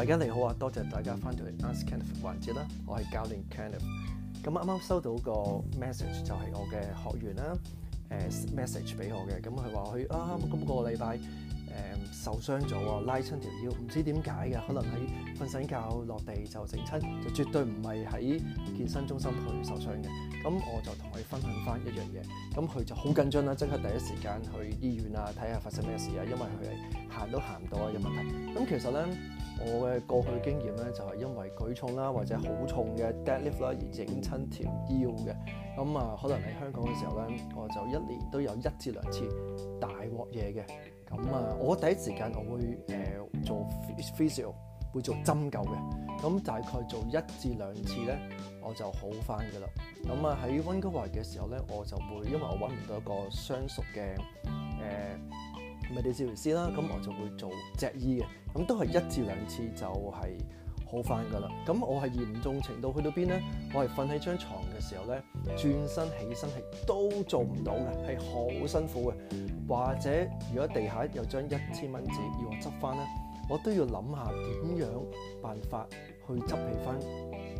大家你好啊，多謝大家翻到嚟《Ask Kenneth》環節啦，我係教練 Kenneth。咁啱啱收到個 message，就係我嘅學員啦，誒 message 俾我嘅，咁佢話佢啊，今個禮拜，誒受傷咗喎，拉親條腰，唔知點解嘅，可能喺瞓醒覺落地就整親，就絕對唔係喺健身中心去受傷嘅。咁我就同佢分享翻一樣嘢，咁佢就好緊張啦，即刻第一時間去醫院啊，睇下發生咩事啊。因為佢係行都行唔到啊。有問題。咁其實咧，我嘅過去經驗咧就係、是、因為舉重啦，或者好重嘅 dead lift 啦而整親條腰嘅。咁啊，可能嚟香港嘅時候咧，我就一年都有一至兩次大鑊嘢嘅。咁啊，我第一時間我會誒、呃、做 physical，會做針灸嘅。咁大概做一至兩次咧，我就好返㗎喇。咁啊喺溫哥華嘅時候咧，我就會因為我揾唔到一個相熟嘅誒物理治療師啦，咁我就會做脊醫嘅。咁都係一至兩次就係、是。好翻噶啦！咁我係嚴重程度去到邊咧？我係瞓喺張床嘅時候咧，轉身起身係都做唔到嘅，係好辛苦嘅。或者如果地下有張一千蚊紙要我執翻咧，我都要諗下點樣辦法去執起翻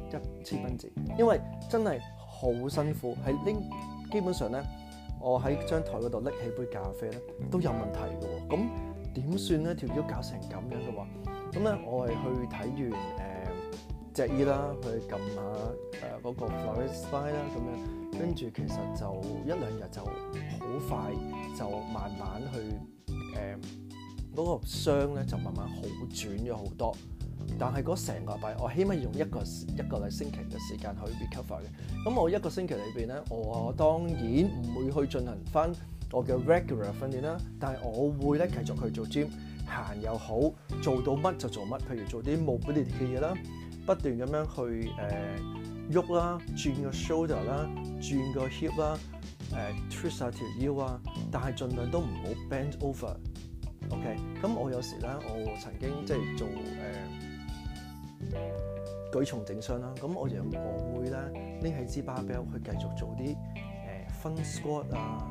一千蚊紙，因為真係好辛苦，係拎基本上咧，我喺張台嗰度拎起一杯咖啡咧都有問題嘅喎。咁點算咧？條肉搞成咁樣嘅話，咁咧我係去睇完誒隻醫啦，去撳下誒嗰、呃那個 flex sign 啦，咁樣跟住其實就一兩日就好快，就慢慢去誒嗰、呃那個傷咧就慢慢好轉咗好多。但係嗰成個禮拜我起碼用一個一個禮星期嘅時間去 recover 嘅。咁我一個星期裏邊咧，我當然唔會去進行翻。我嘅 regular 訓練啦，但係我會咧繼續去做 gym 行又好，做到乜就做乜，譬如做啲 mobility 嘅嘢啦，不斷咁樣去誒喐啦，轉個 shoulder 啦，轉個 hip 啦、呃，誒 twist 下條腰啊，但係儘量都唔好 bend over。OK，咁我有時咧，我曾經即係做誒、呃、舉重整傷啦，咁我亦都會咧拎起支 barbell 去繼續做啲誒 fun squat 啊。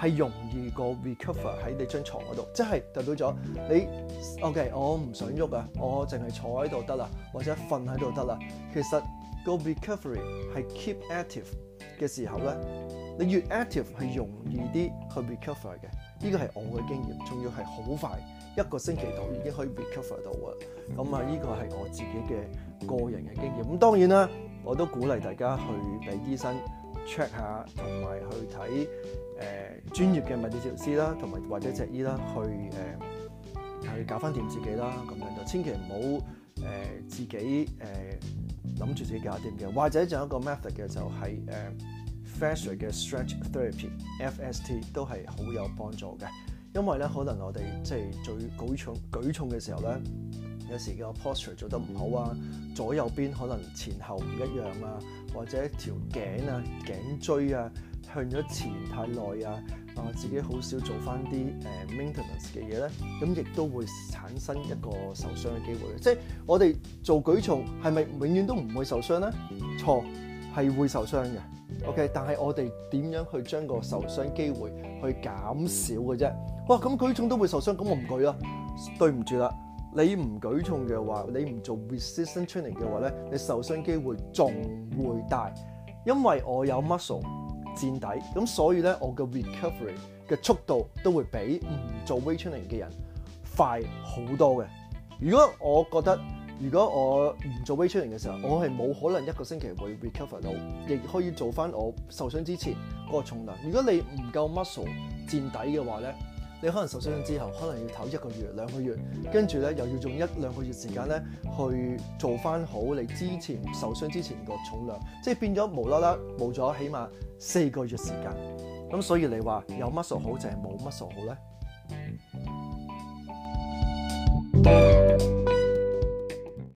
係容易個 recover 喺你張床嗰度，即係代表咗你 OK，我唔想喐啊，我淨係坐喺度得啦，或者瞓喺度得啦。其實個 recovery 係 keep active 嘅時候咧，你越 active 係容易啲去 recover 嘅。呢個係我嘅經驗，仲要係好快，一個星期度已經可以 recover 到啊。咁啊，呢個係我自己嘅個人嘅經驗。咁當然啦，我都鼓勵大家去俾醫生 check 下同埋去睇誒、呃、專業嘅物理治療師啦，同埋或者脊醫啦，去誒、呃、去搞翻掂自己啦。咁樣就千祈唔好誒自己誒諗住自己搞掂嘅。或者仲有一個 method 嘅就係誒 fascial 嘅 stretch therapy（FST） 都係好有幫助嘅，因為咧可能我哋即係最舉重舉重嘅時候咧。有時個 posture 做得唔好啊，左右邊可能前後唔一樣啊，或者條頸啊、頸椎啊向咗前太耐啊，啊自己好少做翻啲 maintenance 嘅嘢咧，咁、呃、亦都會產生一個受傷嘅機會。即係我哋做舉重係咪永遠都唔會受傷咧？錯，係會受傷嘅。OK，但係我哋點樣去將個受傷機會去減少嘅啫？哇、啊，咁舉重都會受傷，咁我唔舉啦，對唔住啦。你唔舉重嘅話，你唔做 resistant training 嘅話咧，你受傷機會仲會大，因為我有 muscle 墊底，咁所以咧我嘅 recovery 嘅速度都會比唔做 weight training 嘅人快好多嘅。如果我覺得如果我唔做 weight training 嘅時候，我係冇可能一個星期會 recover 到，亦可以做翻我受傷之前嗰個重量。如果你唔夠 muscle 墊底嘅話咧，你可能受傷之後，可能要唞一個月、兩個月，跟住咧又要用一兩個月時間咧去做翻好你之前受傷之前個重量，即係變咗無啦啦冇咗起碼四個月時間。咁所以你話有乜 u 好定係冇乜 u 好咧？嗯